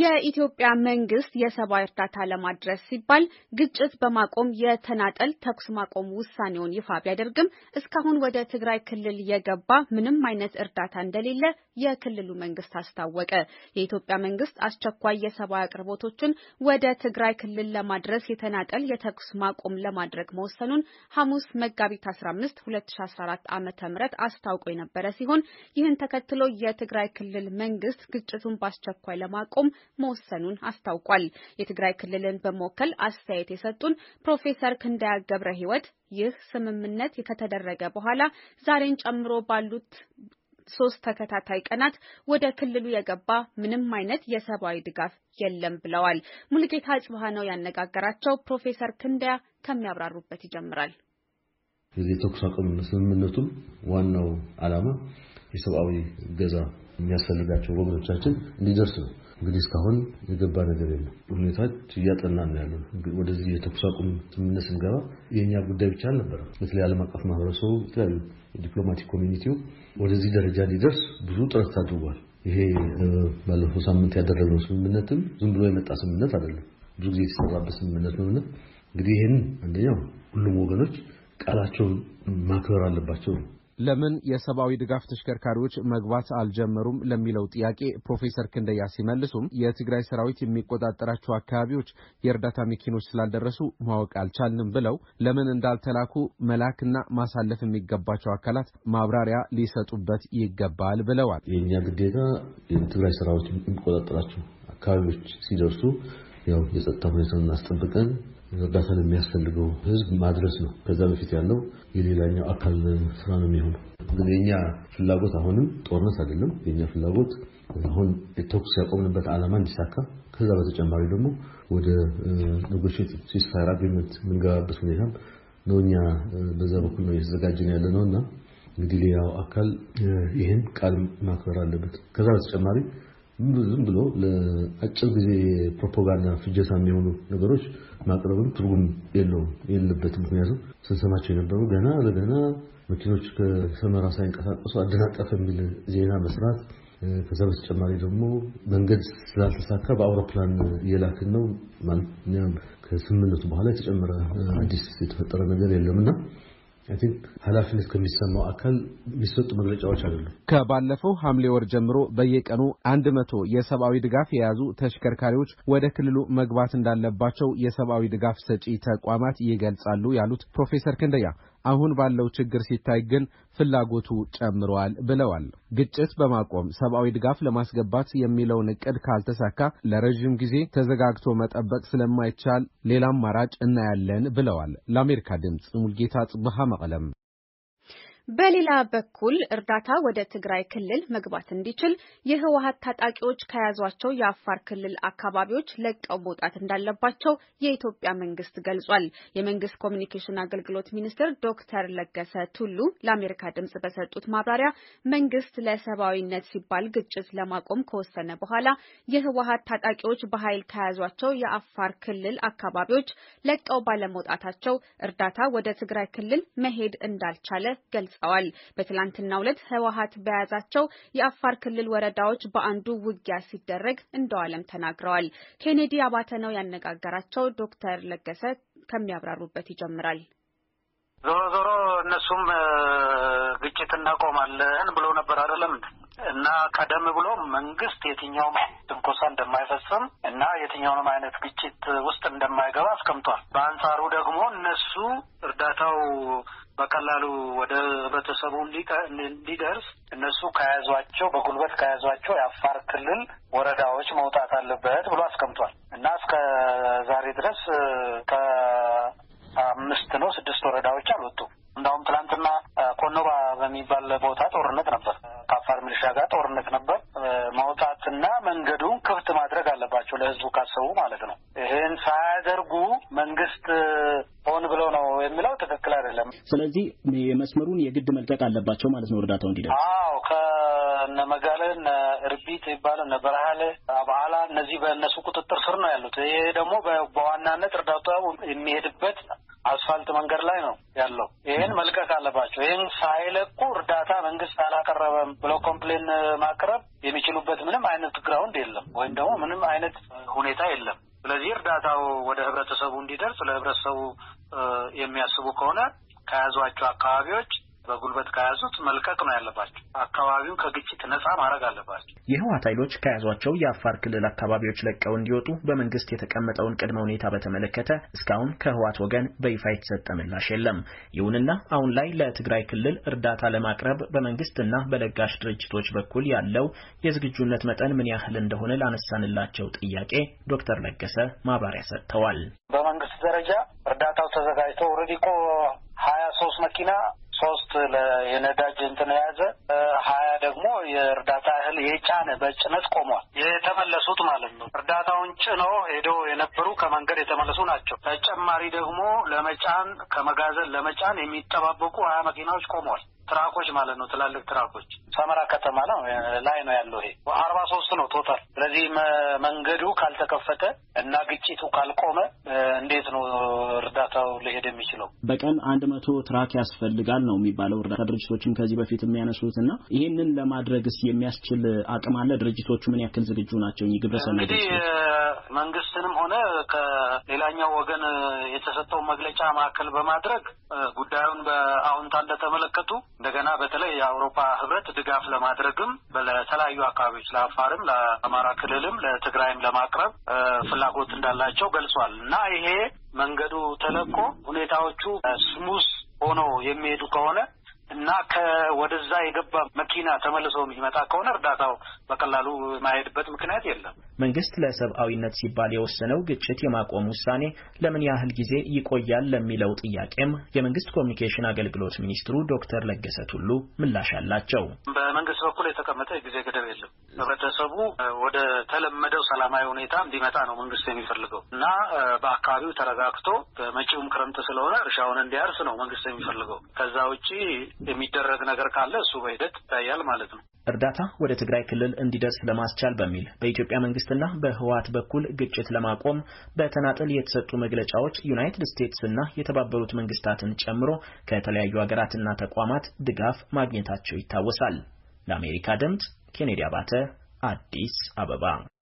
የኢትዮጵያ መንግስት የሰብአዊ እርዳታ ለማድረስ ሲባል ግጭት በማቆም የተናጠል ተኩስ ማቆም ውሳኔውን ይፋ ቢያደርግም እስካሁን ወደ ትግራይ ክልል የገባ ምንም አይነት እርዳታ እንደሌለ የክልሉ መንግስት አስታወቀ። የኢትዮጵያ መንግስት አስቸኳይ የሰብአዊ አቅርቦቶችን ወደ ትግራይ ክልል ለማድረስ የተናጠል የተኩስ ማቆም ለማድረግ መወሰኑን ሐሙስ መጋቢት 15 2014 ዓ.ም አስታውቆ የነበረ ሲሆን ይህን ተከትሎ የትግራይ ክልል መንግስት ግጭቱን በአስቸኳይ ለማቆም መወሰኑን አስታውቋል። የትግራይ ክልልን በመወከል አስተያየት የሰጡን ፕሮፌሰር ክንዳያ ገብረ ሕይወት ይህ ስምምነት ከተደረገ በኋላ ዛሬን ጨምሮ ባሉት ሶስት ተከታታይ ቀናት ወደ ክልሉ የገባ ምንም አይነት የሰብአዊ ድጋፍ የለም ብለዋል። ሙልጌታ ጽብሃ ነው ያነጋገራቸው። ፕሮፌሰር ክንዳያ ከሚያብራሩበት ይጀምራል። የዚህ ተኩስ አቁም ስምምነቱም ዋናው ዓላማ የሰብአዊ እገዛ የሚያስፈልጋቸው ወገኖቻችን እንዲደርስ ነው። እንግዲህ እስካሁን የገባ ነገር የለም። ሁኔታዎች እያጠናን ያሉ ወደዚህ የተኩስ አቁም ስምምነት ስንገባ የእኛ ጉዳይ ብቻ አልነበረም። በተለይ ዓለም አቀፍ ማህበረሰቡ የተለያዩ የዲፕሎማቲክ ኮሚኒቲው ወደዚህ ደረጃ እንዲደርስ ብዙ ጥረት አድርጓል። ይሄ ባለፈው ሳምንት ያደረግነው ስምምነትም ዝም ብሎ የመጣ ስምምነት አይደለም። ብዙ ጊዜ የተሰራበት ስምምነት ነው። እንግዲህ ይህን አንደኛው ሁሉም ወገኖች ቃላቸውን ማክበር አለባቸው ነው ለምን የሰብአዊ ድጋፍ ተሽከርካሪዎች መግባት አልጀመሩም ለሚለው ጥያቄ ፕሮፌሰር ክንደያ ሲመልሱም የትግራይ ሰራዊት የሚቆጣጠራቸው አካባቢዎች የእርዳታ መኪኖች ስላልደረሱ ማወቅ አልቻልንም ብለው ለምን እንዳልተላኩ መላክና ማሳለፍ የሚገባቸው አካላት ማብራሪያ ሊሰጡበት ይገባል ብለዋል። የእኛ ግዴታ የትግራይ ሰራዊት የሚቆጣጠራቸው አካባቢዎች ሲደርሱ ያው የጸጥታ ሁኔታውን አስጠብቀን እርዳታን የሚያስፈልገው ህዝብ ማድረስ ነው። ከዛ በፊት ያለው የሌላኛው አካል ስራ ነው የሚሆነው። እንግዲህ የኛ ፍላጎት አሁንም ጦርነት አይደለም። የኛ ፍላጎት አሁን የተኩስ ያቆምንበት ዓላማ እንዲሳካ፣ ከዛ በተጨማሪ ደግሞ ወደ ኔጎሽት ሲስፋየር አግሪመንት የምንገባበት ሁኔታም ነው። እኛ በዛ በኩል ነው እየተዘጋጀን ያለ ነው እና እንግዲህ ሌላው አካል ይህን ቃል ማክበር አለበት። ከዛ በተጨማሪ ዝም ብሎ ለአጭር ጊዜ ፕሮፓጋንዳ ፍጀታ የሚሆኑ ነገሮች ማቅረብም ትርጉም የለውም የለበትም። ምክንያቱም ስንሰማቸው የነበሩ ገና ለገና መኪኖች ከሰመራ ሳይንቀሳቀሱ አደናቀፍ የሚል ዜና መስራት፣ ከዛ በተጨማሪ ደግሞ መንገድ ስላልተሳካ በአውሮፕላን እየላክን ነው ማለት ከስምምነቱ በኋላ የተጨመረ አዲስ የተፈጠረ ነገር የለም እና ቲንክ ኃላፊነት ከሚሰማው አካል የሚሰጡ መግለጫዎች አይደሉም። ከባለፈው ሐምሌ ወር ጀምሮ በየቀኑ አንድ መቶ የሰብአዊ ድጋፍ የያዙ ተሽከርካሪዎች ወደ ክልሉ መግባት እንዳለባቸው የሰብአዊ ድጋፍ ሰጪ ተቋማት ይገልጻሉ ያሉት ፕሮፌሰር ክንደያ አሁን ባለው ችግር ሲታይ ግን ፍላጎቱ ጨምሯል ብለዋል። ግጭት በማቆም ሰብአዊ ድጋፍ ለማስገባት የሚለውን እቅድ ካልተሳካ ለረዥም ጊዜ ተዘጋግቶ መጠበቅ ስለማይቻል ሌላ አማራጭ እናያለን ብለዋል። ለአሜሪካ ድምፅ ሙልጌታ ጽብሃ መቀለም በሌላ በኩል እርዳታ ወደ ትግራይ ክልል መግባት እንዲችል የህወሀት ታጣቂዎች ከያዟቸው የአፋር ክልል አካባቢዎች ለቀው መውጣት እንዳለባቸው የኢትዮጵያ መንግስት ገልጿል። የመንግስት ኮሚኒኬሽን አገልግሎት ሚኒስትር ዶክተር ለገሰ ቱሉ ለአሜሪካ ድምጽ በሰጡት ማብራሪያ መንግስት ለሰብአዊነት ሲባል ግጭት ለማቆም ከወሰነ በኋላ የህወሀት ታጣቂዎች በኃይል ከያዟቸው የአፋር ክልል አካባቢዎች ለቀው ባለመውጣታቸው እርዳታ ወደ ትግራይ ክልል መሄድ እንዳልቻለ ገልጸዋል። አስታውቀዋል። በትላንትናው ዕለት ህወሀት በያዛቸው የአፋር ክልል ወረዳዎች በአንዱ ውጊያ ሲደረግ እንደዋለም ተናግረዋል። ኬኔዲ አባተ ነው ያነጋገራቸው። ዶክተር ለገሰ ከሚያብራሩበት ይጀምራል። ዞሮ ዞሮ እነሱም ግጭት እናቆማለን ብሎ ነበር አይደለም እና ቀደም ብሎ መንግስት የትኛውም ትንኮሳ እንደማይፈጽም እና የትኛውንም አይነት ግጭት ውስጥ እንደማይገባ አስቀምጧል። በአንጻሩ ደግሞ እነሱ እርዳታው በቀላሉ ወደ ህብረተሰቡ እንዲደርስ እነሱ ከያዟቸው በጉልበት ከያዟቸው የአፋር ክልል ወረዳዎች መውጣት አለበት ብሎ አስቀምጧል እና እስከ ዛሬ ድረስ ከአምስት ነው ስድስት ወረዳዎች አልወጡም። እንዳውም ትላንትና ኮኖባ በሚባል ቦታ ጦርነት ነበር። ከአፋር ሚሊሻ ጋር ጦርነት ነበር። መውጣትና መንገዱን ክፍት ማድረግ አለባቸው ለህዝቡ ካሰቡ ማለት ነው። ይህን ሳያደርጉ መንግስት ሆን ብሎ ነው የሚለው ትክክል አይደለም። ስለዚህ የመስመሩን የግድ መልቀቅ አለባቸው ማለት ነው እርዳታው እንዲደርስ። አዎ ከነ መጋለ እነ እርቢት የሚባለው እነ እነዚህ በእነሱ ቁጥጥር ስር ነው ያሉት። ይሄ ደግሞ በዋናነት እርዳታው የሚሄድበት አስፋልት መንገድ ላይ ነው ያለው። ይህን መልቀቅ አለባቸው። ይህን ሳይለቁ እርዳታ መንግስት አላቀረበም ብሎ ኮምፕሌን ማቅረብ የሚችሉበት ምንም አይነት ግራውንድ የለም ወይም ደግሞ ምንም አይነት ሁኔታ የለም። ስለዚህ እርዳታው ወደ ህብረተሰቡ እንዲደርስ ለህብረተሰቡ የሚያስቡ ከሆነ ከያዟቸው አካባቢዎች በጉልበት ከያዙት መልቀቅ ነው ያለባቸው። አካባቢው ከግጭት ነጻ ማድረግ አለባቸው። የህወሓት ኃይሎች ከያዟቸው የአፋር ክልል አካባቢዎች ለቀው እንዲወጡ በመንግስት የተቀመጠውን ቅድመ ሁኔታ በተመለከተ እስካሁን ከህወሓት ወገን በይፋ የተሰጠ ምላሽ የለም። ይሁንና አሁን ላይ ለትግራይ ክልል እርዳታ ለማቅረብ በመንግስትና በለጋሽ ድርጅቶች በኩል ያለው የዝግጁነት መጠን ምን ያህል እንደሆነ ላነሳንላቸው ጥያቄ ዶክተር ለገሰ ማብራሪያ ሰጥተዋል። በመንግስት ደረጃ እርዳታው ተዘጋጅቶ ኦልሬዲ ሀያ ሶስት መኪና ሶስት የነዳጅ እንትን የያዘ ሀያ ደግሞ የእርዳታ እህል የጫነ በጭነት ቆሟል። የተመለሱት ማለት ነው። እርዳታውን ጭነው ሄደው የነበሩ ከመንገድ የተመለሱ ናቸው። ተጨማሪ ደግሞ ለመጫን ከመጋዘን ለመጫን የሚጠባበቁ ሀያ መኪናዎች ቆመዋል። ትራኮች ማለት ነው። ትላልቅ ትራኮች ሰመራ ከተማ ነው ላይ ነው ያለው። ይሄ አርባ ሶስት ነው ቶታል። ስለዚህ መንገዱ ካልተከፈተ እና ግጭቱ ካልቆመ እንዴት ነው እርዳታው ሊሄድ የሚችለው በቀን አንድ መቶ ትራክ ያስፈልጋል ነው የሚባለው። እርዳታ ድርጅቶችም ከዚህ በፊት የሚያነሱት እና ይህንን ለማድረግስ የሚያስችል አቅም አለ? ድርጅቶቹ ምን ያክል ዝግጁ ናቸው? ግብረሰ እንግዲህ መንግስትንም ሆነ ከሌላኛው ወገን የተሰጠው መግለጫ ማዕከል በማድረግ ጉዳዩን በአሁንታ እንደተመለከቱ እንደገና በተለይ የአውሮፓ ህብረት ድጋፍ ለማድረግም ለተለያዩ አካባቢዎች ለአፋርም፣ ለአማራ ክልልም፣ ለትግራይም ለማቅረብ ፍላጎት እንዳላቸው ገልጿል እና ይሄ መንገዱ ተለቆ ሁኔታዎቹ ስሙዝ ሆኖ የሚሄዱ ከሆነ እና ከወደዛ የገባ መኪና ተመልሶ የሚመጣ ከሆነ እርዳታው በቀላሉ የማሄድበት ምክንያት የለም። መንግስት ለሰብአዊነት ሲባል የወሰነው ግጭት የማቆም ውሳኔ ለምን ያህል ጊዜ ይቆያል ለሚለው ጥያቄም የመንግስት ኮሚኒኬሽን አገልግሎት ሚኒስትሩ ዶክተር ለገሰ ቱሉ ምላሽ አላቸው። በመንግስት በኩል የተቀመጠ የጊዜ ገደብ የለም። ህብረተሰቡ ወደ ተለመደው ሰላማዊ ሁኔታ እንዲመጣ ነው መንግስት የሚፈልገው እና በአካባቢው ተረጋግቶ በመጪውም ክረምት ስለሆነ እርሻውን እንዲያርስ ነው መንግስት የሚፈልገው። ከዛ ውጭ የሚደረግ ነገር ካለ እሱ በሂደት ይታያል ማለት ነው። እርዳታ ወደ ትግራይ ክልል እንዲደርስ ለማስቻል በሚል በኢትዮጵያ መንግስት መንግስትና በህወሓት በኩል ግጭት ለማቆም በተናጠል የተሰጡ መግለጫዎች ዩናይትድ ስቴትስና የተባበሩት መንግስታትን ጨምሮ ከተለያዩ ሀገራትና ተቋማት ድጋፍ ማግኘታቸው ይታወሳል። ለአሜሪካ ድምፅ ኬኔዲ አባተ አዲስ አበባ